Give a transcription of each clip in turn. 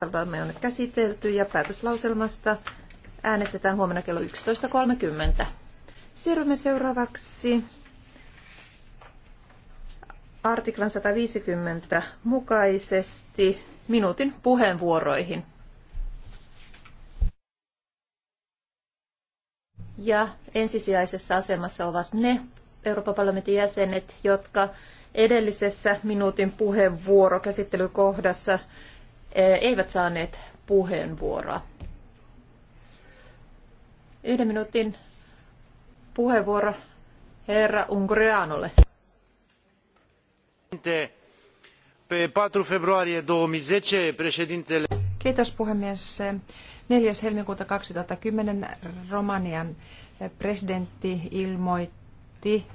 Tämä on käsitelty ja päätöslauselmasta äänestetään huomenna kello 11.30. Siirrymme seuraavaksi artiklan 150 mukaisesti minuutin puheenvuoroihin. Ja ensisijaisessa asemassa ovat ne Euroopan parlamentin jäsenet, jotka edellisessä minuutin puheenvuorokäsittelykohdassa kohdassa Eh, eivät saaneet puheenvuoroa. Yhden minuutin puheenvuoro herra Ungureanolle. 4 februarie 2010 Kiitos puhemies. 4. helmikuuta 2010 Romanian presidentti ilmoitti,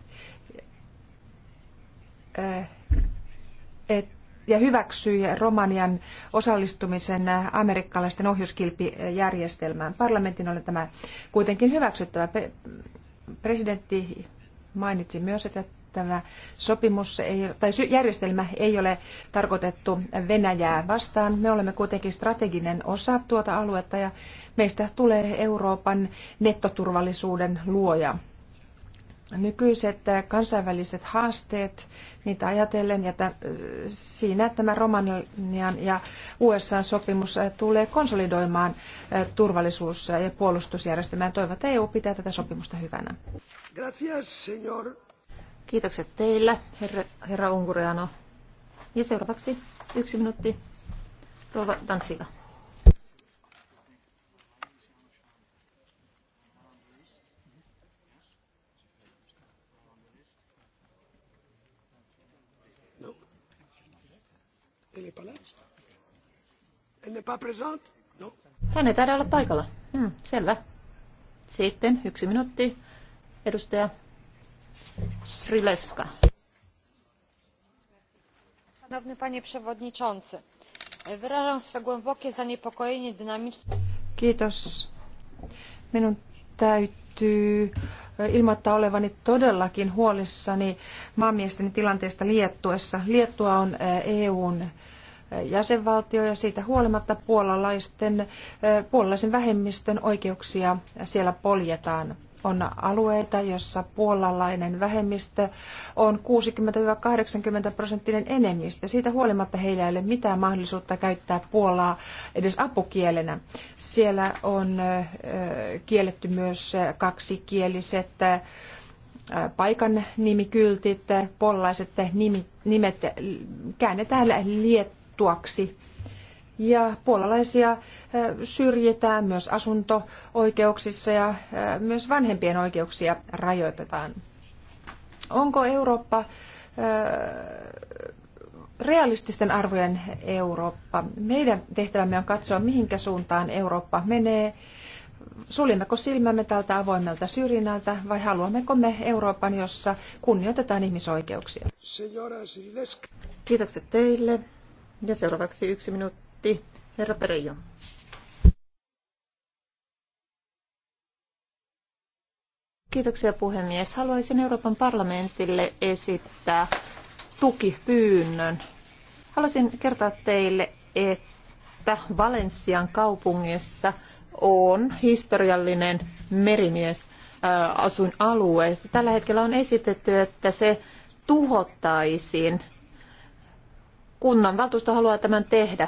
eh, että ja hyväksyi Romanian osallistumisen amerikkalaisten ohjuskilpijärjestelmään. Parlamentin oli tämä kuitenkin hyväksyttävä. Presidentti mainitsi myös, että tämä sopimus ei, tai järjestelmä ei ole tarkoitettu Venäjää vastaan. Me olemme kuitenkin strateginen osa tuota aluetta ja meistä tulee Euroopan nettoturvallisuuden luoja nykyiset eh, kansainväliset haasteet, niitä ajatellen, ja tämän, eh, siinä tämä Romanian ja USA-sopimus eh, tulee konsolidoimaan turvallisuus- ja puolustusjärjestelmää. Toivon, että EU pitää tätä sopimusta hyvänä. Gracias, señor. Kiitokset teille, herra, herra Unkureano. Ja seuraavaksi yksi minuutti, rouva Tantsika. Hän ei taida olla paikalla. Hmm, selvä. Sitten yksi minuutti. Edustaja Srileska. Szanowny panie przewodniczący, wyrażam swe głębokie zaniepokojenie dynamicznym. Kiitos. Minun täytyy e, ilmoittaa olevani todellakin huolissani maamiesten tilanteesta Liettuessa. Liettua on e, EUn jäsenvaltio ja siitä huolimatta puolalaisten, eh, puolalaisen vähemmistön oikeuksia siellä poljetaan. On alueita, jossa puolalainen vähemmistö on 60-80 prosenttinen enemmistö. Siitä huolimatta heillä ei ole mitään mahdollisuutta käyttää puolaa edes apukielenä. Siellä on eh, kielletty myös kaksikieliset eh, paikan nimikyltit, puolalaiset nimet käännetään liet varattuaksi. Ja puolalaisia äh, syrjitään myös asunto-oikeuksissa ja äh, myös vanhempien oikeuksia rajoitetaan. Onko Eurooppa äh, realististen arvojen Eurooppa? Meidän tehtävämme on katsoa, mihinkä suuntaan Eurooppa menee. Suljemmeko silmämme tältä avoimelta syrjinnältä vai haluammeko me Euroopan, jossa kunnioitetaan ihmisoikeuksia? Kiitokset teille. Ja seuraavaksi yksi minuutti. Herra Perejo. Kiitoksia puhemies. Haluaisin Euroopan parlamentille esittää tukipyynnön. Haluaisin kertoa teille, että Valensian kaupungissa on historiallinen merimies äh, asuinalue. Tällä hetkellä on esitetty, että se tuhottaisiin kunnan haluaa tämän tehdä.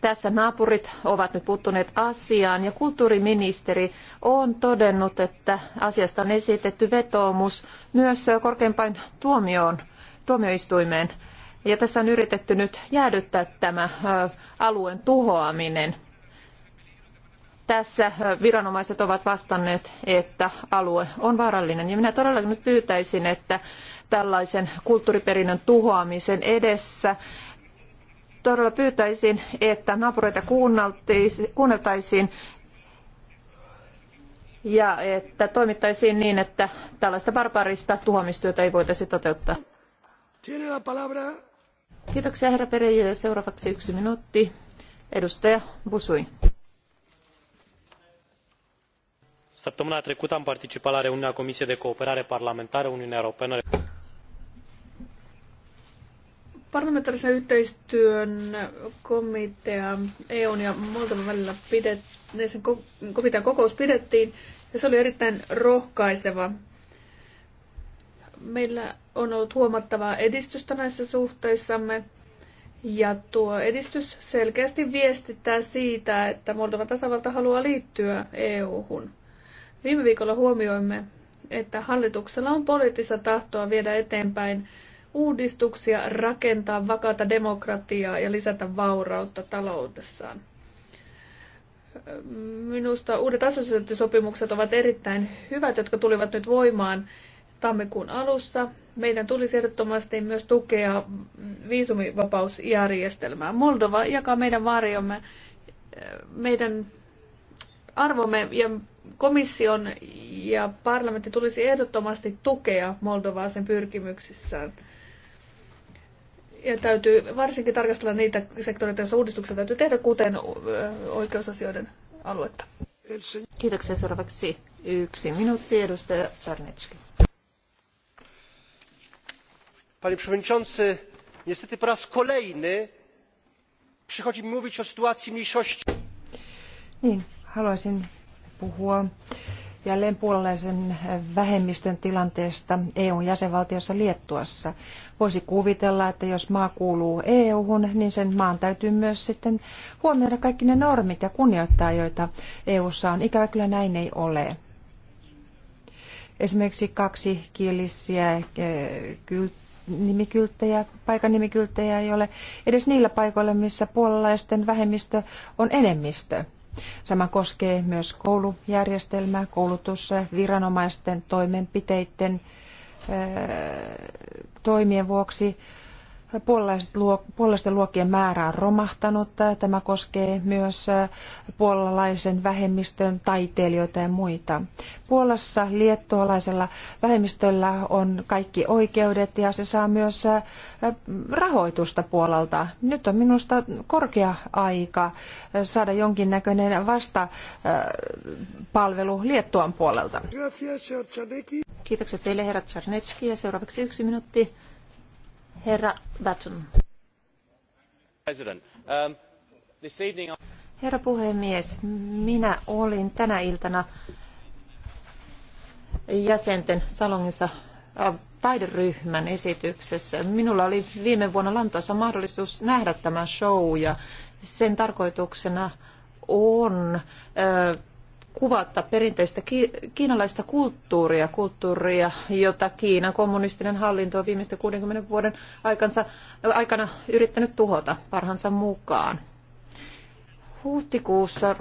Tässä naapurit ovat nyt puuttuneet asiaan ja kulttuuriministeri on todennut, että asiasta on esitetty vetoomus myös korkeimpain tuomioon, tuomioistuimeen. Ja tässä on yritetty nyt jäädyttää tämä alueen tuhoaminen. Tässä viranomaiset ovat vastanneet, että alue on vaarallinen. Ja minä todella nyt pyytäisin, että tällaisen kulttuuriperinnön tuhoamisen edessä. Todella pyytäisin, että naapureita kuunneltaisiin ja että toimittaisiin niin, että tällaista barbaarista tuhoamistyötä ei voitaisi toteuttaa. Kiitoksia herra Seuraavaksi yksi minuutti. Edustaja Busui. Săptămâna trecută am participat la reuniunea Comisiei de Cooperare Parlamentară Uniunea Europeană. Parlamentaarisen yhteistyön komitea EUn ja Moldovan välillä pidet, sen komitean kokous pidettiin ja se oli erittäin rohkaiseva. Meillä on ollut huomattavaa edistystä näissä suhteissamme ja tuo edistys selkeästi viestittää siitä, että Moldovan tasavalta haluaa liittyä EU-hun. Viime viikolla huomioimme, että hallituksella on poliittista tahtoa viedä eteenpäin uudistuksia, rakentaa vakaata demokratiaa ja lisätä vaurautta taloudessaan. Minusta uudet assosiaatiosopimukset ovat erittäin hyvät, jotka tulivat nyt voimaan tammikuun alussa. Meidän tulisi ehdottomasti myös tukea viisumivapausjärjestelmää. Moldova jakaa meidän varjomme, meidän arvomme ja komission ja parlamentti tulisi ehdottomasti tukea Moldovaa sen pyrkimyksissään – ja täytyy varsinkin tarkastella niitä sektoreita, joissa uudistuksia täytyy tehdä, kuten oikeusasioiden aluetta. Kiitoksia. Seuraavaksi yksi minuutti, edustaja Czarnecki. Panie przewodniczący, niestety po raz kolejny przychodzi mi mówić o sytuacji mniejszości. Niin, haluaisin puhua jälleen puolalaisen vähemmistön tilanteesta EUn jäsenvaltiossa Liettuassa. Voisi kuvitella, että jos maa kuuluu EUhun, niin sen maan täytyy myös sitten huomioida kaikki ne normit ja kunnioittaa, joita EUssa on. Ikävä kyllä näin ei ole. Esimerkiksi kaksikielisiä eh, nimikylttejä, paikan ei ole edes niillä paikoilla, missä puolalaisten vähemmistö on enemmistö. Sama koskee myös koulujärjestelmää, koulutus, viranomaisten toimenpiteiden toimien vuoksi puolalaisten luokkien määrä on romahtanut. Tämä koskee myös puolalaisen vähemmistön taiteilijoita ja muita. Puolassa liettualaisella vähemmistöllä on kaikki oikeudet ja se saa myös rahoitusta Puolalta. Nyt on minusta korkea aika saada jonkinnäköinen vastapalvelu Liettuan puolelta. Kiitokset teille herra Czarnecki ja seuraavaksi yksi minuutti Herra um, Herra puhemies, minä olin tänä iltana jäsenten Salongissa äh, taideryhmän esityksessä. Minulla oli viime vuonna Lantossa mahdollisuus nähdä tämä show ja sen tarkoituksena on ö, äh, kuvata perinteistä kiinalaista kulttuuria, kulttuuria, jota Kiinan kommunistinen hallinto on viimeisten 60 vuoden aikansa, aikana yrittänyt tuhota parhansa mukaan. Huhtikuussa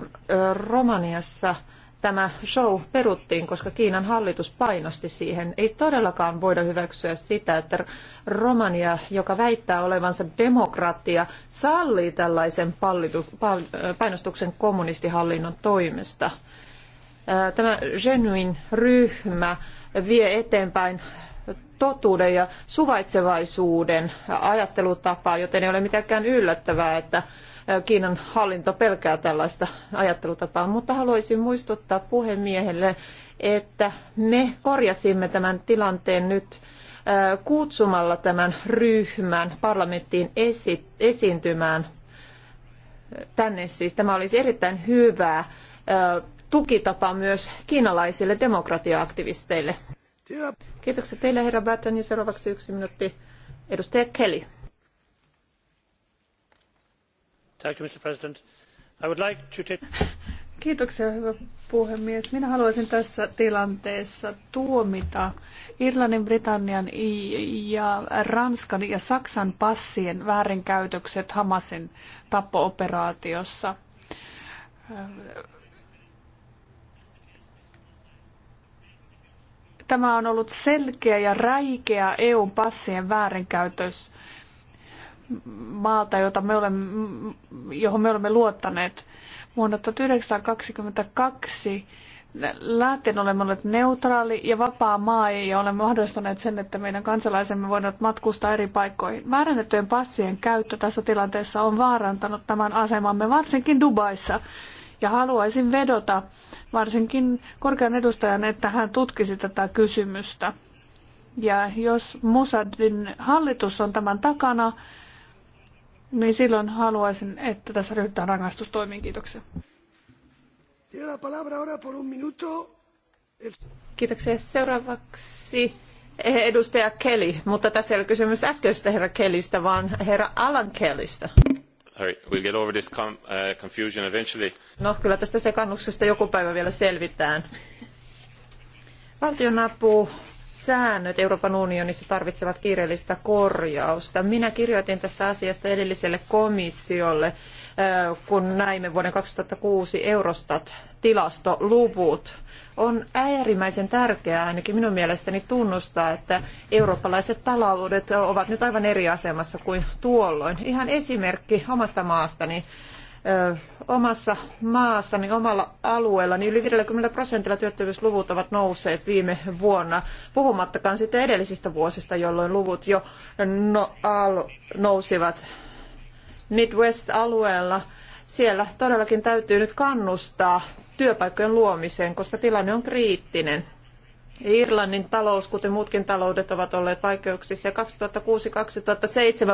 Romaniassa tämä show peruttiin, koska Kiinan hallitus painosti siihen. Ei todellakaan voida hyväksyä sitä, että Romania, joka väittää olevansa demokratia, sallii tällaisen äh, painostuksen kommunistihallinnon toimesta. Äh, tämä Genuin ryhmä vie eteenpäin totuuden ja suvaitsevaisuuden ajattelutapaa, joten ei ole mitenkään yllättävää, että Kiinan hallinto pelkää tällaista ajattelutapaa, mutta haluaisin muistuttaa puhemiehelle, että me korjasimme tämän tilanteen nyt kutsumalla tämän ryhmän parlamenttiin esi- esiintymään tänne. Siis tämä olisi erittäin hyvä tukitapa myös kiinalaisille demokratiaaktivisteille. Kiitoksia teille, herra Batten, ja seuraavaksi yksi minuutti edustaja Kelly mr president i would like to take Kiitoksia, hyvä puhemies. Minä haluaisin tässä tilanteessa tuomita Irlannin, Britannian ja Ranskan ja Saksan passien väärinkäytökset Hamasin tappooperaatiossa. Tämä on ollut selkeä ja räikeä eu passien väärinkäytös maalta, jota me olemme, johon me olemme luottaneet. Vuonna 1922 lähtien olemme olleet neutraali ja vapaa maa ja olemme mahdollistaneet sen, että meidän kansalaisemme voivat matkustaa eri paikkoihin. Väärennettyjen passien käyttö tässä tilanteessa on vaarantanut tämän asemamme, varsinkin Dubaissa. Ja haluaisin vedota varsinkin korkean edustajan, että hän tutkisi tätä kysymystä. Ja jos Musadin hallitus on tämän takana, niin silloin haluaisin, että tässä ryhdytään rangaistustoimiin. Kiitoksia. Kiitoksia. Seuraavaksi eh, edustaja Kelly, mutta tässä ei ole kysymys äskeisestä herra Kellystä, vaan herra Alan Kellystä. Sorry, we'll get over this uh, confusion eventually. No, kyllä tästä sekannuksesta joku päivä vielä selvitään. Valtionapu säännöt Euroopan unionissa tarvitsevat kiireellistä korjausta. Minä kirjoitin tästä asiasta edelliselle komissiolle, kun näimme vuoden 2006 Eurostat-tilastoluvut. On äärimmäisen tärkeää ainakin minun mielestäni tunnustaa, että eurooppalaiset taloudet ovat nyt aivan eri asemassa kuin tuolloin. Ihan esimerkki omasta maastani omassa maassani, omalla alueella niin yli 50 prosentilla työttömyysluvut ovat nousseet viime vuonna, puhumattakaan sitten edellisistä vuosista, jolloin luvut jo no, al, nousivat Midwest-alueella. Siellä todellakin täytyy nyt kannustaa työpaikkojen luomiseen, koska tilanne on kriittinen. Irlannin talous, kuten muutkin taloudet, ovat olleet vaikeuksissa ja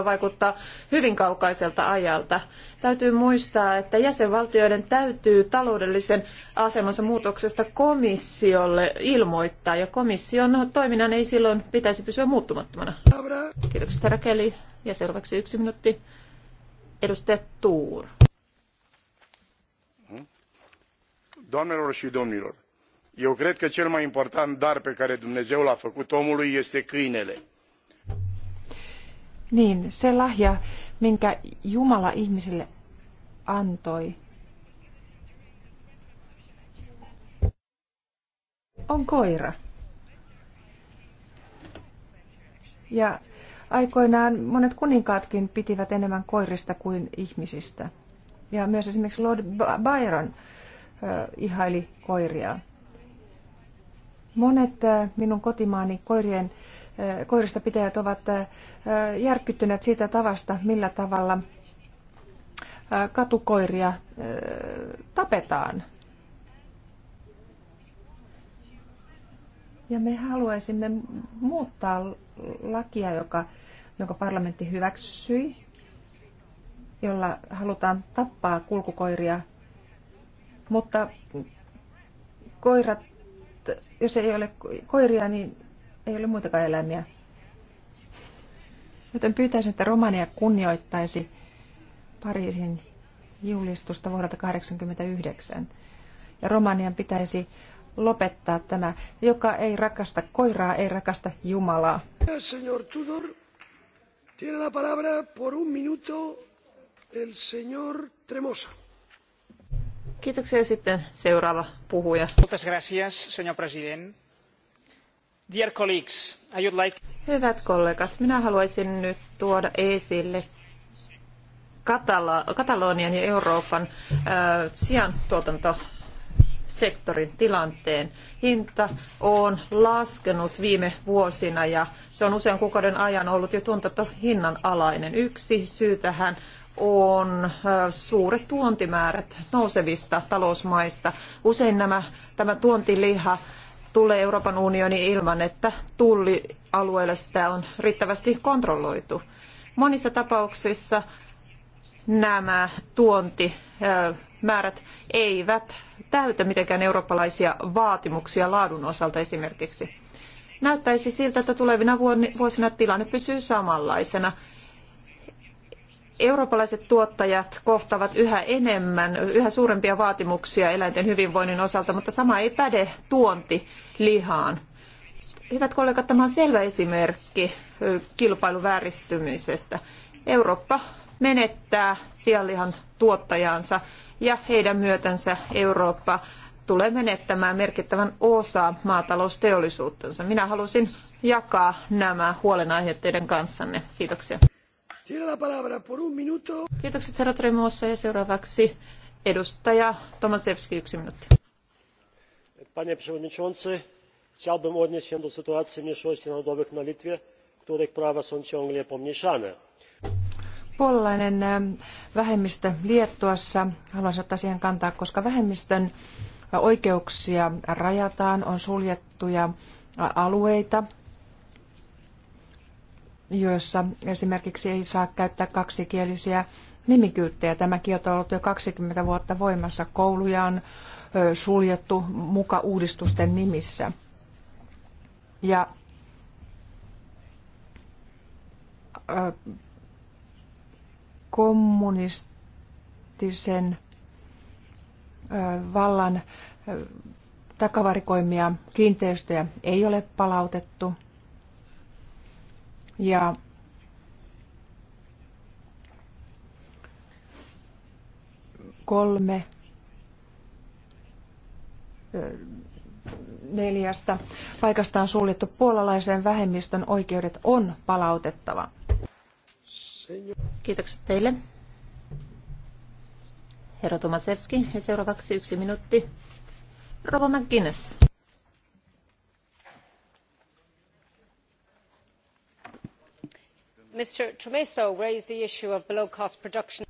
2006-2007 vaikuttaa hyvin kaukaiselta ajalta. Täytyy muistaa, että jäsenvaltioiden täytyy taloudellisen asemansa muutoksesta komissiolle ilmoittaa ja komission toiminnan ei silloin pitäisi pysyä muuttumattomana. Kiitokset rakeli Ja seuraavaksi yksi minuutti. Edustaja Tuur. Doamnelor și domnilor, eu cred că cel mai important dar pe care dumnezeu l a făcut omului este câinele. Niin, se lahja, minkä Jumala ihmisille antoi, on koira. Ja aikoinaan monet kuninkaatkin pitivät enemmän koirista kuin ihmisistä. Ja myös esimerkiksi Lord Byron ihaili koiria. Monet äh, minun kotimaani koirien, äh, koirista pitäjät ovat äh, järkyttyneet siitä tavasta, millä tavalla katukoiria tapetaan. Ja me haluaisimme muuttaa lakia, joka, jonka parlamentti hyväksyi, jolla halutaan tappaa kulkukoiria, mutta koirat jos ei ole koiria, niin ei ole muitakaan eläimiä. Joten pyytäisin, että Romania kunnioittaisi Pariisin julistusta vuodelta 1989. Ja Romanian pitäisi lopettaa tämä, joka ei rakasta koiraa, ei rakasta Jumalaa. Señor Tudor, tiene la palabra por un minuto el señor Tremosa Kiitoksia sitten seuraava puhuja. Muchas gracias, señor president. Dear colleagues, I would like... Hyvät kollegat, minä haluaisin nyt tuoda esille Katala- Katalonian ja Euroopan äh, tuotanto sektorin tilanteen. Hinta on laskenut viime vuosina ja se on usean kuukauden ajan ollut jo tuotantohinnan alainen. Yksi syy tähän on äh, suuret tuontimäärät nousevista talousmaista. Usein nämä, tämä tuontiliha tulee Euroopan unioniin ilman, että tullialueelle sitä on riittävästi kontrolloitu. Monissa tapauksissa nämä tuontimäärät eivät täytä mitenkään eurooppalaisia vaatimuksia laadun osalta esimerkiksi. Näyttäisi siltä, että tulevina vuosina tilanne pysyy samanlaisena Eurooppalaiset tuottajat kohtaavat yhä enemmän, yhä suurempia vaatimuksia eläinten hyvinvoinnin osalta, mutta sama ei päde tuontilihaan. Hyvät kollegat, tämä on selvä esimerkki kilpailuvääristymisestä. Eurooppa menettää sianlihan tuottajansa ja heidän myötänsä Eurooppa tulee menettämään merkittävän osa maatalousteollisuuttansa. Minä halusin jakaa nämä huolenaiheet teidän kanssanne. Kiitoksia. Kiitokset herra Tremossa ja seuraavaksi edustaja Tomasewski, yksi minuutti. Panie przewodniczący, chciałbym odnieść się do sytuacji mniejszości narodowych na Litwie, których prawa są ciągle pomniejszane. Puolalainen vähemmistö Liettuassa, haluaisin ottaa siihen kantaa, koska vähemmistön oikeuksia rajataan, on suljettuja alueita, joissa esimerkiksi ei saa käyttää kaksikielisiä nimikylttejä. Tämä kielto on ollut jo 20 vuotta voimassa. Kouluja on suljettu muka uudistusten nimissä. Ja kommunistisen vallan takavarikoimia kiinteistöjä ei ole palautettu – ja kolme neljästä paikastaan suljettu puolalaisen vähemmistön oikeudet on palautettava. Kiitokset teille. Herra Tomasevski ja seuraavaksi yksi minuutti. Rova McGuinness. Mr. raised the issue of below cost production.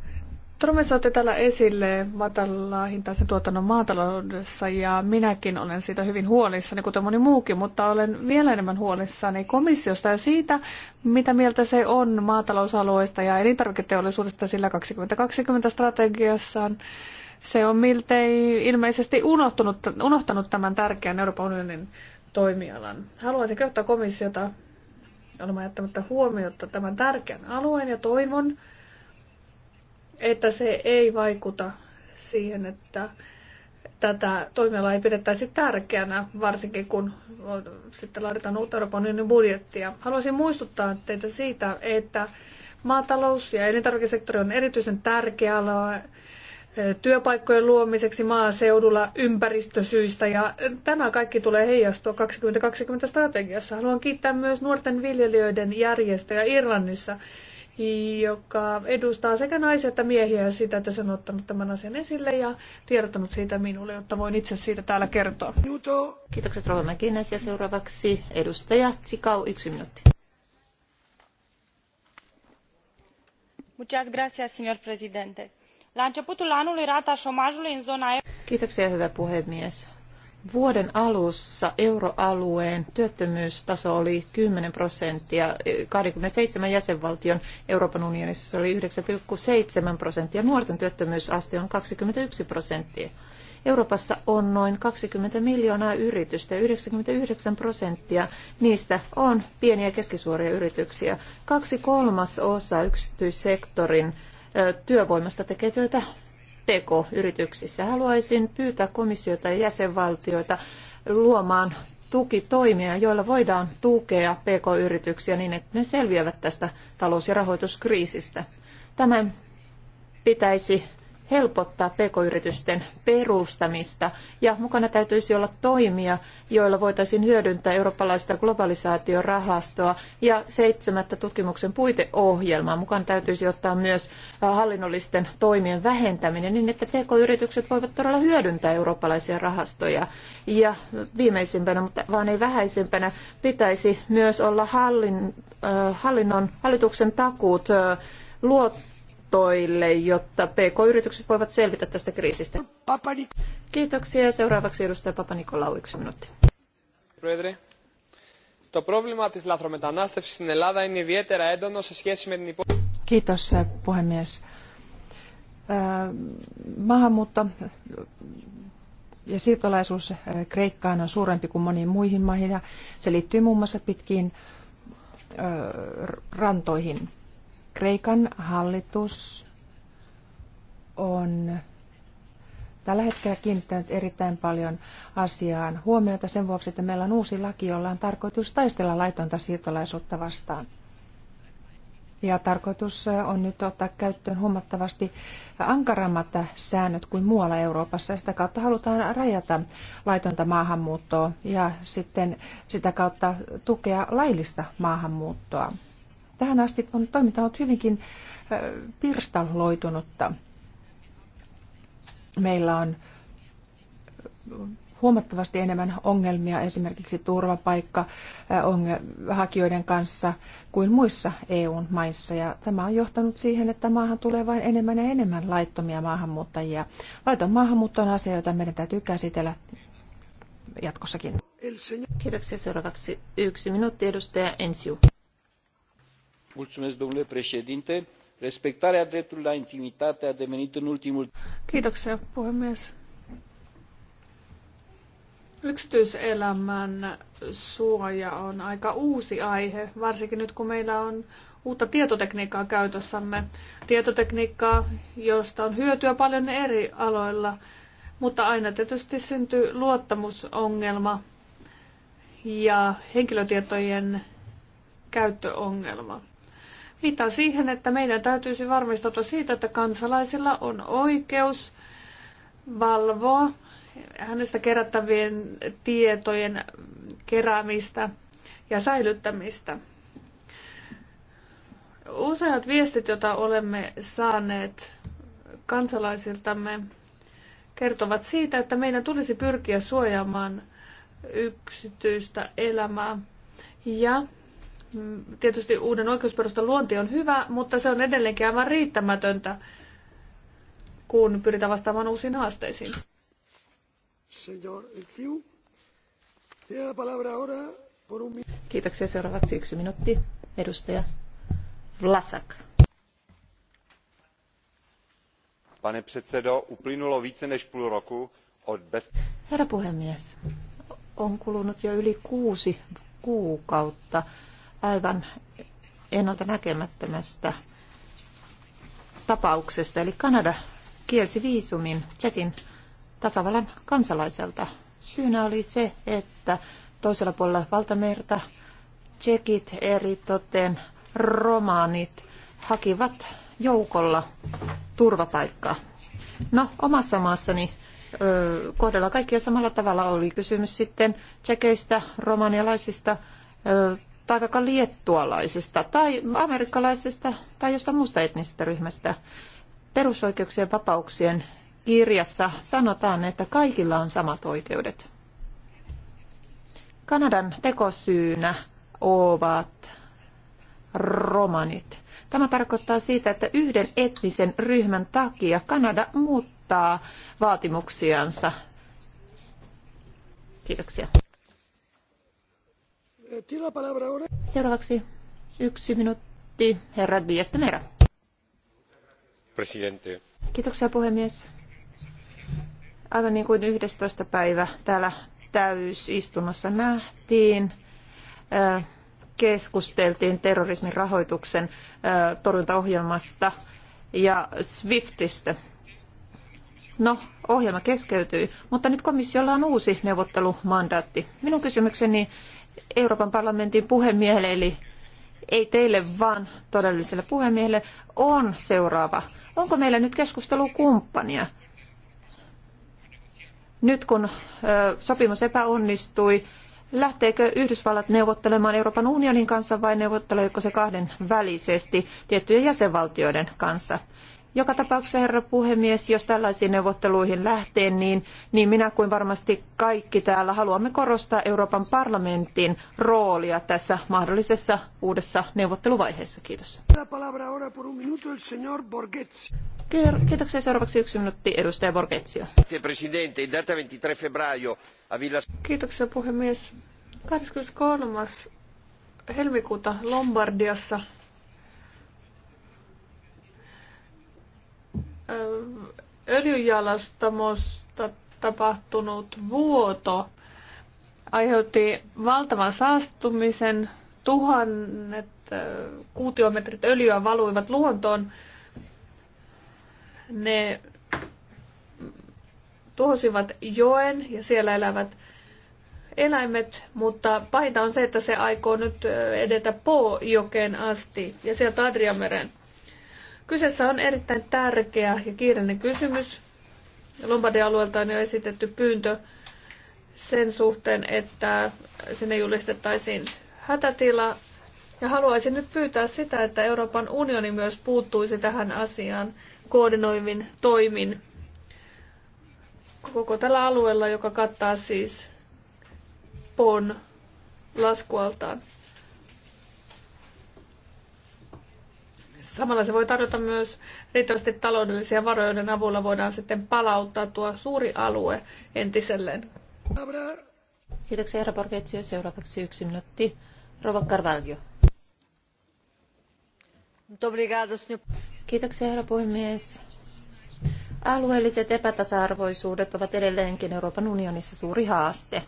otti täällä esille matalahintaisen hintaisen tuotannon maataloudessa ja minäkin olen siitä hyvin huolissani, kuten moni muukin, mutta olen vielä enemmän huolissani komissiosta ja siitä, mitä mieltä se on maatalousalueista ja elintarviketeollisuudesta sillä 2020 strategiassaan. Se on miltei ilmeisesti unohtanut tämän tärkeän Euroopan unionin toimialan. Haluaisin kehottaa komissiota olemaan jättämättä huomiota tämän tärkeän alueen ja toivon, että se ei vaikuta siihen, että tätä toimialaa ei pidettäisi tärkeänä, varsinkin kun sitten laaditaan uutta Euroopan unionin budjettia. Haluaisin muistuttaa teitä siitä, että maatalous ja elintarvikesektori on erityisen tärkeä ala työpaikkojen luomiseksi maaseudulla ympäristösyistä ja tämä kaikki tulee heijastua 2020 strategiassa. Haluan kiittää myös nuorten viljelijöiden järjestöjä Irlannissa, joka edustaa sekä naisia että miehiä ja sitä, että se on ottanut tämän asian esille ja tiedottanut siitä minulle, jotta voin itse siitä täällä kertoa. Kiitokset Rova Mäkinäs ja seuraavaksi edustaja Tsikau, yksi minuutti. Muchas gracias, señor presidente La începutul anului rata șomajului în zona Kiitoksia, hyvä puhemies. Vuoden alussa euroalueen työttömyystaso oli 10 prosenttia, 27 jäsenvaltion Euroopan unionissa oli 9,7 prosenttia, nuorten työttömyysaste on 21 prosenttia. Euroopassa on noin 20 miljoonaa yritystä ja 99 prosenttia niistä on pieniä ja keskisuuria yrityksiä. Kaksi kolmas osa yksityissektorin työvoimasta tekee työtä PK-yrityksissä. Haluaisin pyytää komissiota ja jäsenvaltioita luomaan tukitoimia, joilla voidaan tukea PK-yrityksiä niin, että ne selviävät tästä talous- ja rahoituskriisistä. Tämän pitäisi helpottaa pk-yritysten perustamista ja mukana täytyisi olla toimia, joilla voitaisiin hyödyntää eurooppalaista globalisaatiorahastoa ja seitsemättä tutkimuksen puiteohjelmaa. Mukaan täytyisi ottaa myös hallinnollisten toimien vähentäminen niin, että pk-yritykset voivat todella hyödyntää eurooppalaisia rahastoja. Ja viimeisimpänä, mutta vaan ei vähäisimpänä, pitäisi myös olla hallin, hallinnon, hallituksen takuut luottoon toille, jotta PK-yritykset voivat selvitä tästä kriisistä. Kiitoksia seuraavaksi edustaja Papa Nikolaou, yksi minuutti. Πρόεδρε, το πρόβλημα της λαθρομετανάστευσης στην Ελλάδα είναι ιδιαίτερα έντονο σε σχέση με την υπόλοιπη... Kiitos, puhemies. Maahanmuutto ja siirtolaisuus Kreikkaan on suurempi kuin moniin muihin maihin ja se liittyy muun muassa pitkiin rantoihin. Kreikan hallitus on tällä hetkellä kiinnittänyt erittäin paljon asiaan huomiota sen vuoksi, että meillä on uusi laki, jolla on tarkoitus taistella laitonta siirtolaisuutta vastaan. Ja tarkoitus on nyt ottaa käyttöön huomattavasti ankarammat säännöt kuin muualla Euroopassa. Ja sitä kautta halutaan rajata laitonta maahanmuuttoa ja sitten sitä kautta tukea laillista maahanmuuttoa. Tähän asti on toiminta ollut hyvinkin pirstaloitunutta. Meillä on huomattavasti enemmän ongelmia esimerkiksi turvapaikka hakijoiden kanssa kuin muissa eu maissa. Ja tämä on johtanut siihen, että maahan tulee vain enemmän ja enemmän laittomia maahanmuuttajia. Laiton maahanmuutto on asia, jota meidän täytyy käsitellä jatkossakin. Kiitoksia. Seuraavaksi yksi minuutti edustaja Ensiu respectarea dreptului la intimitate a devenit în ultimul... Yksityiselämän suoja on aika uusi aihe, varsinkin nyt kun meillä on uutta tietotekniikkaa käytössämme. Tietotekniikkaa, josta on hyötyä paljon eri aloilla, mutta aina tietysti syntyy luottamusongelma ja henkilötietojen käyttöongelma. Viittaan siihen, että meidän täytyisi varmistautua siitä, että kansalaisilla on oikeus valvoa hänestä kerättävien tietojen keräämistä ja säilyttämistä. Useat viestit, joita olemme saaneet kansalaisiltamme, kertovat siitä, että meidän tulisi pyrkiä suojaamaan yksityistä elämää ja Mm, tietysti uuden oikeusperustan luonti on hyvä, mutta se on edelleenkin aivan riittämätöntä, kun pyritään vastaamaan uusiin haasteisiin. Kiitoksia. Seuraavaksi yksi minuutti. Edustaja Vlasak. Pane předsedo, uplynulo více než půl roku od Herra puhemies, on kulunut jo yli kuusi kuukautta aivan ennalta näkemättömästä tapauksesta. Eli Kanada kielsi viisumin Tsekin tasavallan kansalaiselta. Syynä oli se, että toisella puolella valtamerta tsekit eri toteen romaanit hakivat joukolla turvapaikkaa. No, omassa maassani ö, kohdella kaikkia samalla tavalla oli kysymys sitten tsekeistä, romanialaisista, ö, tai vaikka liettualaisista tai amerikkalaisista tai jostain muusta etnisestä ryhmästä. Perusoikeuksien ja vapauksien kirjassa sanotaan, että kaikilla on samat oikeudet. Kanadan tekosyynä ovat romanit. Tämä tarkoittaa siitä, että yhden etnisen ryhmän takia Kanada muuttaa vaatimuksiansa. Kiitoksia. Eh, Seuraavaksi yksi minuutti, herra Diestemera. Presidente. Kiitoksia puhemies. Aivan niin kuin 11. päivä täällä täysistunnossa nähtiin, eh, keskusteltiin terrorismin rahoituksen eh, torjuntaohjelmasta ja SWIFTistä. No, ohjelma keskeytyi, mutta nyt komissiolla on uusi neuvottelumandaatti. Minun kysymykseni Euroopan parlamentin puhemiehelle, eli ei teille vaan todelliselle puhemiehelle, on seuraava. Onko meillä nyt keskustelukumppania? Nyt kun sopimus epäonnistui, lähteekö Yhdysvallat neuvottelemaan Euroopan unionin kanssa vai neuvotteleeko se kahden välisesti tiettyjen jäsenvaltioiden kanssa? Joka tapauksessa, herra puhemies, jos tällaisiin neuvotteluihin lähtee, niin, niin minä kuin varmasti kaikki täällä haluamme korostaa Euroopan parlamentin roolia tässä mahdollisessa uudessa neuvotteluvaiheessa. Kiitos. Kiitoksia. Seuraavaksi yksi minuutti edustaja Borgetsio. Kiitoksia puhemies. 23. helmikuuta Lombardiassa öljyjalastamosta tapahtunut vuoto aiheutti valtavan saastumisen. Tuhannet kuutiometrit öljyä valuivat luontoon. Ne tuhosivat joen ja siellä elävät eläimet, mutta paita on se, että se aikoo nyt edetä Poojokeen asti ja sieltä Adriameren. Kyseessä on erittäin tärkeä ja kiireinen kysymys. Lombardin alueelta on jo esitetty pyyntö sen suhteen, että sinne julistettaisiin hätätila. Ja haluaisin nyt pyytää sitä, että Euroopan unioni myös puuttuisi tähän asiaan koordinoivin toimin koko tällä alueella, joka kattaa siis Pon laskualtaan. Samalla se voi tarjota myös riittävästi taloudellisia varoja, joiden avulla voidaan sitten palauttaa tuo suuri alue entiselleen. Kiitoksia, herra Borgetsio. Seuraavaksi yksi minuutti. Rova Carvalho. Kiitoksia, herra puhemies. Alueelliset epätasa-arvoisuudet ovat edelleenkin Euroopan unionissa suuri haaste.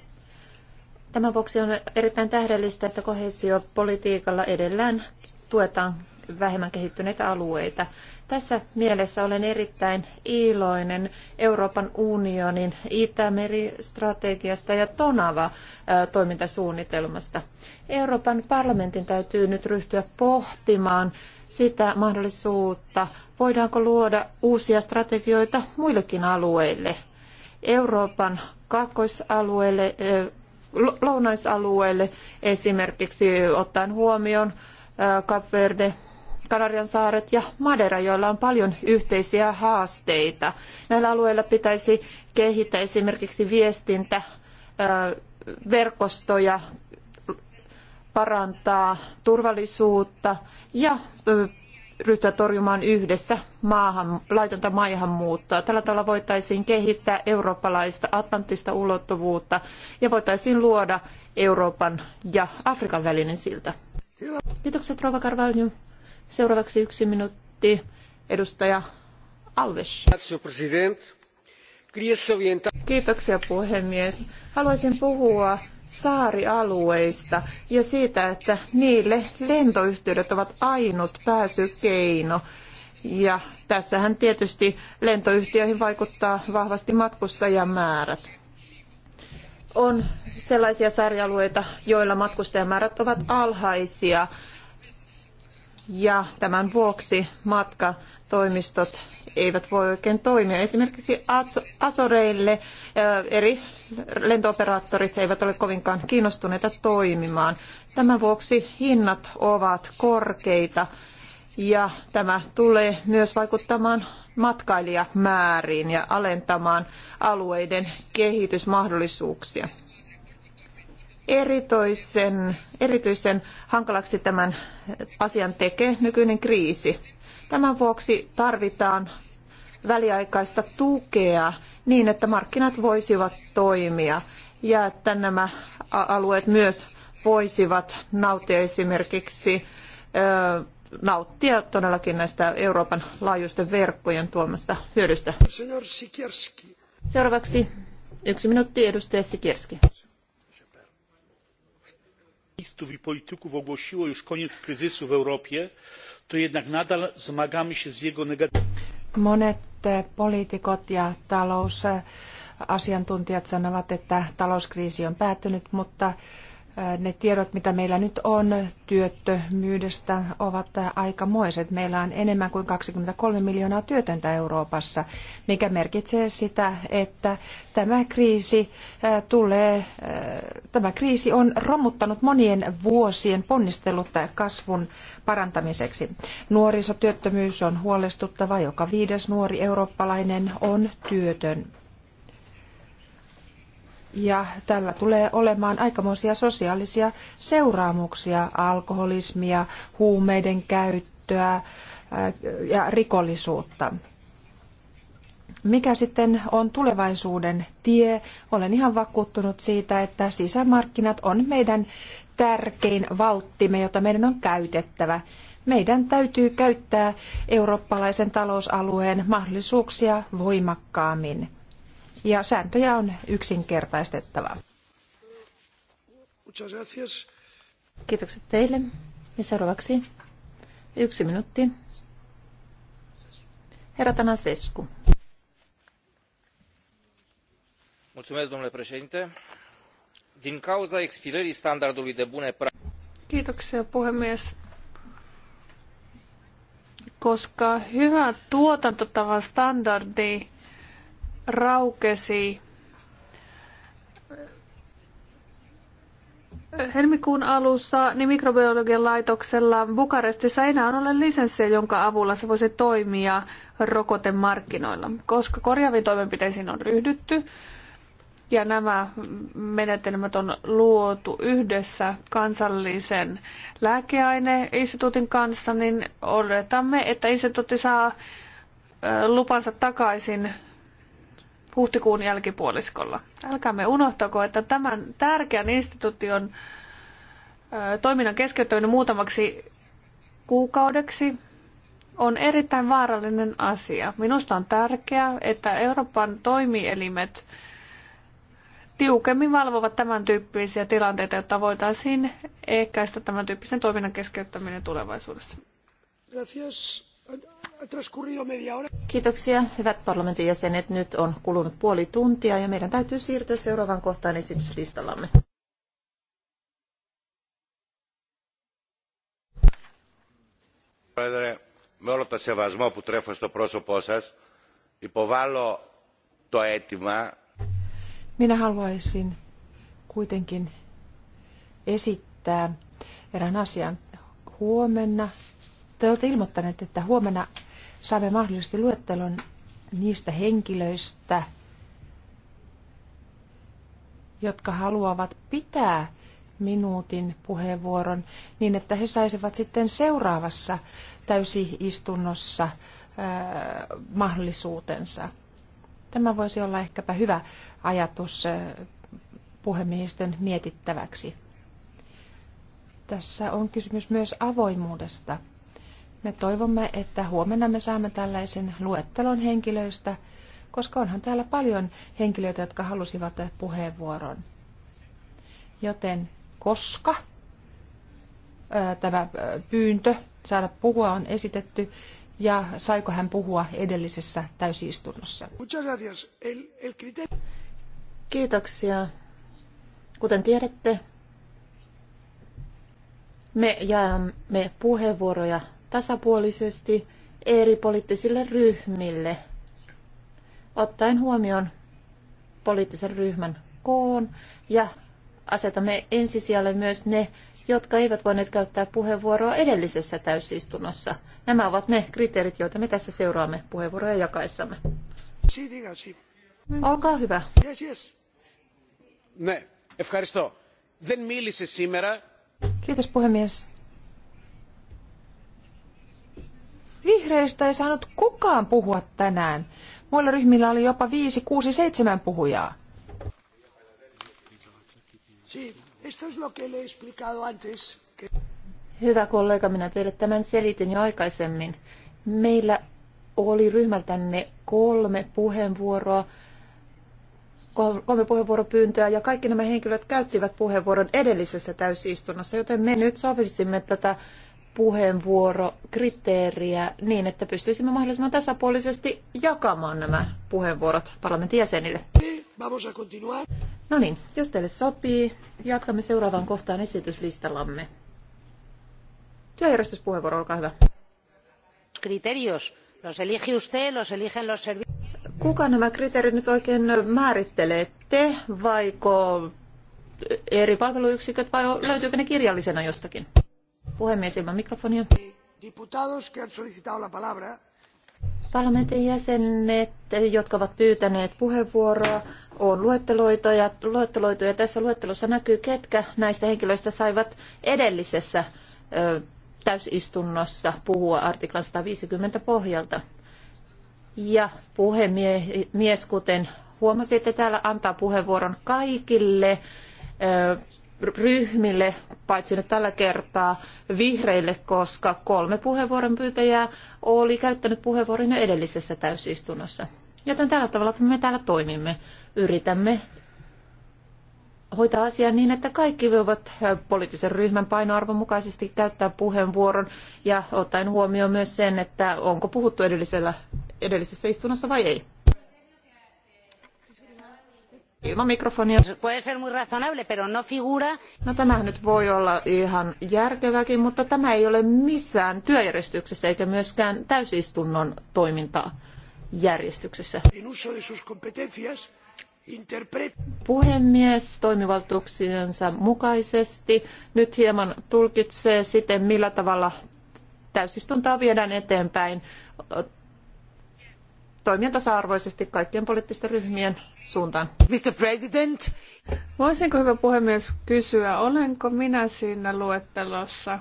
Tämän vuoksi on erittäin tähdellistä, että kohesiopolitiikalla edellään tuetaan vähemmän kehittyneitä alueita. Tässä mielessä olen erittäin iloinen Euroopan unionin Itämeri-strategiasta ja Tonava-toimintasuunnitelmasta. Euroopan parlamentin täytyy nyt ryhtyä pohtimaan sitä mahdollisuutta, voidaanko luoda uusia strategioita muillekin alueille. Euroopan kaakkoisalueelle, lounaisalueelle esimerkiksi ottaen huomioon Kapverde, Kanarian saaret ja Madeira, joilla on paljon yhteisiä haasteita. Näillä alueilla pitäisi kehittää esimerkiksi viestintä, verkostoja, parantaa turvallisuutta ja ryhtyä torjumaan yhdessä maahan, laitonta maahanmuuttoa. Tällä tavalla voitaisiin kehittää eurooppalaista atlanttista ulottuvuutta ja voitaisiin luoda Euroopan ja Afrikan välinen silta. Kiitokset Rova Carvalho. Seuraavaksi yksi minuutti. Edustaja Alves. Kiitoksia puhemies. Haluaisin puhua saarialueista ja siitä, että niille lentoyhteydet ovat ainut pääsykeino. Ja tässähän tietysti lentoyhtiöihin vaikuttaa vahvasti matkustajamäärät. On sellaisia saarialueita, joilla matkustajamäärät ovat alhaisia ja tämän vuoksi matkatoimistot eivät voi oikein toimia. Esimerkiksi Asoreille eri lentooperaattorit eivät ole kovinkaan kiinnostuneita toimimaan. Tämän vuoksi hinnat ovat korkeita ja tämä tulee myös vaikuttamaan matkailijamääriin ja alentamaan alueiden kehitysmahdollisuuksia eritoisen, erityisen hankalaksi tämän asian tekee nykyinen kriisi. Tämän vuoksi tarvitaan väliaikaista tukea niin, että markkinat voisivat toimia ja että nämä alueet myös voisivat nauttia esimerkiksi nauttia todellakin näistä Euroopan laajuisten verkkojen tuomasta hyödystä. Seuraavaksi yksi minuutti edustaja ekonomistów i polityków ogłosiło już koniec kryzysu w europie to jednak nadal zmagamy się z jego Monet eh, poliitikot ja talousasiantuntijat eh, sanovat, että talouskriisi on päättynyt, mutta ne tiedot, mitä meillä nyt on työttömyydestä, ovat aikamoiset. Meillä on enemmän kuin 23 miljoonaa työtöntä Euroopassa, mikä merkitsee sitä, että tämä kriisi, tulee, tämä kriisi on romuttanut monien vuosien ponnistelut kasvun parantamiseksi. Nuorisotyöttömyys on huolestuttava. Joka viides nuori eurooppalainen on työtön ja tällä tulee olemaan aikamoisia sosiaalisia seuraamuksia, alkoholismia, huumeiden käyttöä ja rikollisuutta. Mikä sitten on tulevaisuuden tie? Olen ihan vakuuttunut siitä, että sisämarkkinat on meidän tärkein valttimme, jota meidän on käytettävä. Meidän täytyy käyttää eurooppalaisen talousalueen mahdollisuuksia voimakkaammin ja sääntöjä on yksinkertaistettava. Kiitokset teille. Ja seuraavaksi yksi minuutti. Herra Tanasescu. Mulțumesc, domnule președinte. Din cauza expirării standardului de bune practici. Kiitoksia, puhemies koska hyvä tuotantotavan standardi raukesi helmikuun alussa niin mikrobiologian laitoksella Bukarestissa ei enää ole lisenssiä, jonka avulla se voisi toimia rokotemarkkinoilla. Koska korjaaviin toimenpiteisiin on ryhdytty ja nämä menetelmät on luotu yhdessä kansallisen lääkeaineinstituutin kanssa, niin oletamme, että instituutti saa lupansa takaisin huhtikuun jälkipuoliskolla. Älkäämme unohtako, että tämän tärkeän instituution toiminnan keskeyttäminen muutamaksi kuukaudeksi on erittäin vaarallinen asia. Minusta on tärkeää, että Euroopan toimielimet tiukemmin valvovat tämän tyyppisiä tilanteita, jotta voitaisiin ehkäistä tämän tyyppisen toiminnan keskeyttäminen tulevaisuudessa. Gracias. Kiitoksia, hyvät parlamentin jäsenet. Nyt on kulunut puoli tuntia ja meidän täytyy siirtyä seuraavaan kohtaan esityslistallamme. Πρόεδρε, με όλο το σεβασμό που τρέφω στο πρόσωπό σας, υποβάλλω το αίτημα... Minä haluaisin kuitenkin esittää erään asian huomenna. Te olette ilmoittaneet, että huomenna saamme mahdollisesti luettelon niistä henkilöistä, jotka haluavat pitää minuutin puheenvuoron niin, että he saisivat sitten seuraavassa täysistunnossa ää, mahdollisuutensa. Tämä voisi olla ehkäpä hyvä ajatus puhemiehistön mietittäväksi. Tässä on kysymys myös avoimuudesta. Me toivomme, että huomenna me saamme tällaisen luettelon henkilöistä, koska onhan täällä paljon henkilöitä, jotka halusivat puheenvuoron. Joten koska tämä pyyntö saada puhua on esitetty ja saiko hän puhua edellisessä täysistunnossa. Kiitoksia. Kuten tiedätte, me jaamme puheenvuoroja tasapuolisesti eri poliittisille ryhmille, ottaen huomioon poliittisen ryhmän koon ja asetamme ensisijalle myös ne, jotka eivät voineet käyttää puheenvuoroa edellisessä täysistunnossa. Nämä ovat ne kriteerit, joita me tässä seuraamme puheenvuoroja jakaessamme. Olkaa hyvä. Yes, yes. Ne, Kiitos puhemies. Vihreistä ei saanut kukaan puhua tänään. Muilla ryhmillä oli jopa 5, 6, 7 puhujaa. Hyvä kollega, minä teille tämän selitin jo aikaisemmin. Meillä oli ryhmältänne kolme puheenvuoroa, kolme puheenvuoropyyntöä ja kaikki nämä henkilöt käyttivät puheenvuoron edellisessä täysistunnossa, joten me nyt sovelsimme tätä puheenvuorokriteeriä niin, että pystyisimme mahdollisimman tasapuolisesti jakamaan nämä puheenvuorot parlamentin jäsenille. No niin, jos teille sopii, jatkamme seuraavaan kohtaan esityslistallamme. Työjärjestyspuheenvuoro, olkaa hyvä. Criterios. Los elige usted, los eligen los Kuka nämä kriteerit nyt oikein määrittelee? Te vaiko eri palveluyksiköt vai löytyykö ne kirjallisena jostakin? Puhemies ilman mikrofonia. Parlamentin jäsenet, jotka ovat pyytäneet puheenvuoroa, on luetteloitu ja, tässä luettelossa näkyy, ketkä näistä henkilöistä saivat edellisessä ö, täysistunnossa puhua artiklan 150 pohjalta. Ja puhemies, kuten huomasitte, täällä antaa puheenvuoron kaikille ryhmille, paitsi nyt tällä kertaa vihreille, koska kolme puheenvuoron pyytäjää oli käyttänyt puheenvuoron jo edellisessä täysistunnossa. Joten tällä tavalla me täällä toimimme. Yritämme hoitaa asiaa niin, että kaikki voivat poliittisen ryhmän painoarvon mukaisesti käyttää puheenvuoron ja ottaen huomioon myös sen, että onko puhuttu edellisellä, edellisessä istunnossa vai ei. Ilman mikrofonia. No, no tämähän nyt voi olla ihan järkeväkin, mutta tämä ei ole missään työjärjestyksessä eikä myöskään täysistunnon toimintaa järjestyksessä. Puhemies toimivaltuuksiensa mukaisesti nyt hieman tulkitsee siten, millä tavalla täysistuntaa viedään eteenpäin Toimien tasa-arvoisesti kaikkien poliittisten ryhmien suuntaan. Mr. President. Voisinko hyvä puhemies kysyä, olenko minä siinä luettelossa?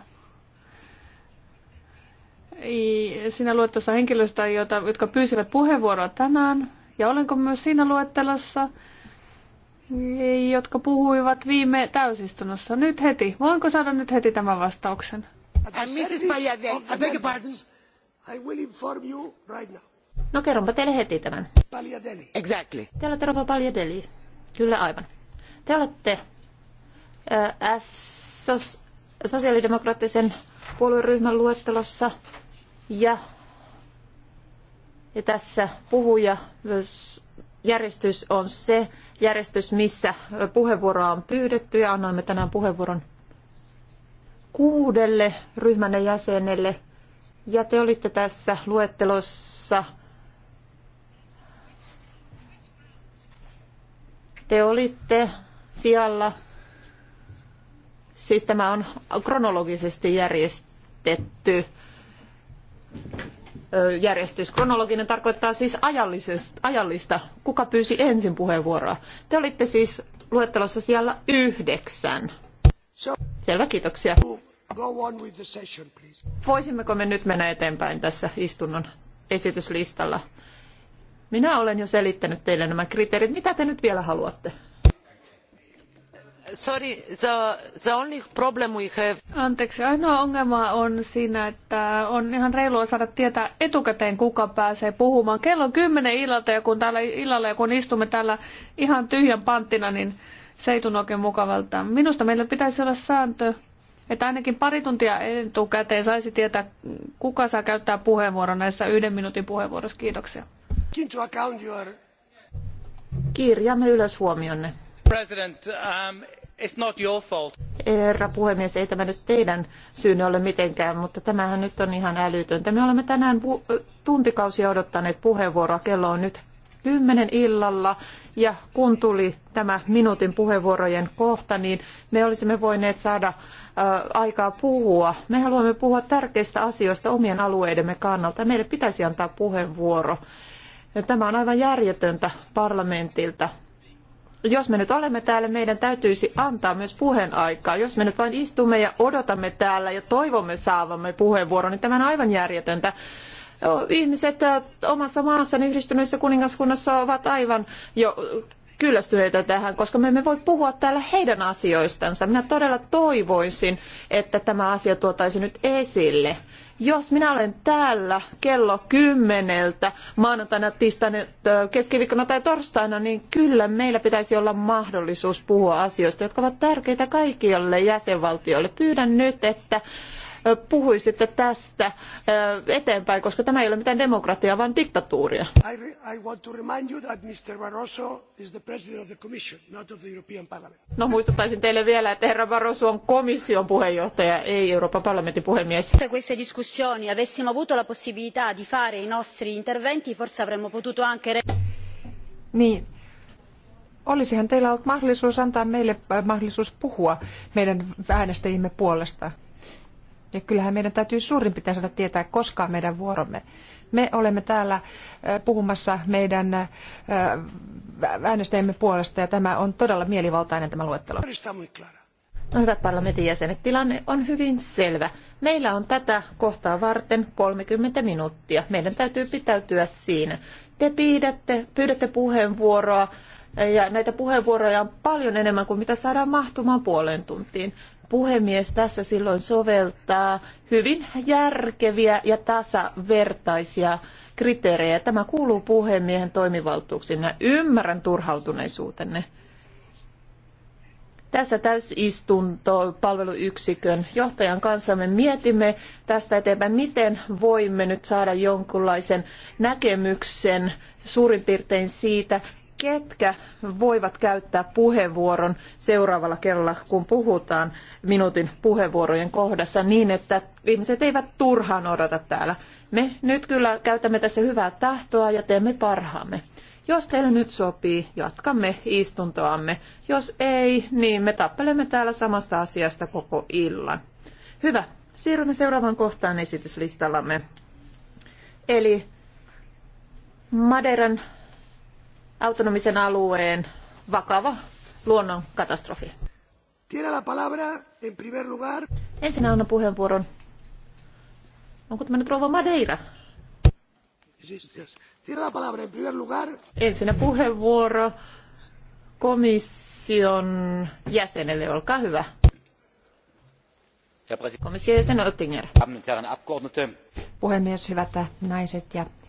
Siinä luettelossa henkilöistä, jotka pyysivät puheenvuoroa tänään, ja olenko myös siinä luettelossa, jotka puhuivat viime täysistunnossa. Nyt heti. Voinko saada nyt heti tämän vastauksen? I beg your pardon. I will inform you right now. No kerronpa teille heti tämän. Paljadeli. Exactly. Te olette Rova Paljadeli. Kyllä aivan. Te olette äh, sos, sosiaalidemokraattisen puolueryhmän luettelossa ja, ja tässä puhuja myös järjestys on se järjestys, missä puheenvuoroa on pyydetty ja annoimme tänään puheenvuoron kuudelle ryhmänne jäsenelle. Ja te olitte tässä luettelossa Te olitte siellä, siis tämä on kronologisesti järjestetty järjestys. Kronologinen tarkoittaa siis ajallista. Kuka pyysi ensin puheenvuoroa? Te olitte siis luettelossa siellä yhdeksän. Selvä, kiitoksia. Voisimmeko me nyt mennä eteenpäin tässä istunnon esityslistalla? Minä olen jo selittänyt teille nämä kriteerit. Mitä te nyt vielä haluatte? Sorry, the, the only problem we have... Anteeksi, ainoa ongelma on siinä, että on ihan reilua saada tietää etukäteen, kuka pääsee puhumaan. Kello on kymmenen illalta ja kun täällä illalla ja kun istumme täällä ihan tyhjän panttina, niin se ei tunnu oikein mukavalta. Minusta meillä pitäisi olla sääntö, että ainakin pari tuntia etukäteen saisi tietää, kuka saa käyttää puheenvuoron näissä yhden minuutin puheenvuorossa. Kiitoksia. Kirjaamme ylös huomionne. President, um, Herra puhemies, ei tämä nyt teidän syynne ole mitenkään, mutta tämähän nyt on ihan älytöntä. Me olemme tänään tuntikausia odottaneet puheenvuoroa. Kello on nyt kymmenen illalla ja kun tuli tämä minuutin puheenvuorojen kohta, niin me olisimme voineet saada aikaa puhua. Me haluamme puhua tärkeistä asioista omien alueidemme kannalta. Meille pitäisi antaa puheenvuoro. Ja tämä on aivan järjetöntä parlamentilta. Jos me nyt olemme täällä, meidän täytyisi antaa myös puheenaikaa. Jos me nyt vain istumme ja odotamme täällä ja toivomme saavamme puheenvuoron, niin tämä on aivan järjetöntä ihmiset omassa maassani yhdistyneessä kuningaskunnassa ovat aivan jo kyllästyneitä tähän, koska me emme voi puhua täällä heidän asioistansa. Minä todella toivoisin, että tämä asia tuotaisi nyt esille. Jos minä olen täällä kello kymmeneltä maanantaina, tiistaina, keskiviikkona tai torstaina, niin kyllä meillä pitäisi olla mahdollisuus puhua asioista, jotka ovat tärkeitä kaikille jäsenvaltioille. Pyydän nyt, että puhuisitte tästä eteenpäin, koska tämä ei ole mitään demokratiaa, vaan diktatuuria. No muistuttaisin teille vielä, että herra Barroso on komission puheenjohtaja, ei Euroopan parlamentin puhemies. queste discussioni avessimo avuto la possibilità di fare i nostri interventi, forse avremmo potuto anche... Niin, olisihan teillä ollut mahdollisuus antaa meille äh, mahdollisuus puhua meidän äänestäjimme puolesta. Ja kyllähän meidän täytyy suurin piirtein saada tietää, koska meidän vuoromme. Me olemme täällä puhumassa meidän äänestäjämme puolesta ja tämä on todella mielivaltainen tämä luettelo. No hyvät parlamentin jäsenet, tilanne on hyvin selvä. Meillä on tätä kohtaa varten 30 minuuttia. Meidän täytyy pitäytyä siinä. Te pyydätte, pyydätte puheenvuoroa ja näitä puheenvuoroja on paljon enemmän kuin mitä saadaan mahtumaan puoleen tuntiin puhemies tässä silloin soveltaa hyvin järkeviä ja tasavertaisia kriteerejä. Tämä kuuluu puhemiehen toimivaltuuksiin. Mä ymmärrän turhautuneisuutenne. Tässä täysistunto palveluyksikön johtajan kanssa me mietimme tästä eteenpäin, miten voimme nyt saada jonkunlaisen näkemyksen suurin piirtein siitä, ketkä voivat käyttää puheenvuoron seuraavalla kerralla, kun puhutaan minuutin puheenvuorojen kohdassa niin, että ihmiset eivät turhaan odota täällä. Me nyt kyllä käytämme tässä hyvää tahtoa ja teemme parhaamme. Jos teille nyt sopii, jatkamme istuntoamme. Jos ei, niin me tappelemme täällä samasta asiasta koko illan. Hyvä. Siirrymme seuraavaan kohtaan esityslistallamme. Eli Madeiran autonomisen alueen vakava luonnonkatastrofi. Tiene la palabra en primer lugar. Ensin annan puheenvuoron. Onko tämä nyt rouva Madeira? Tiene la palabra en primer lugar. Ensin puheenvuoro komission jäsenelle, olkaa hyvä. Komission jäsen Oettinger. Puhemies, hyvät naiset ja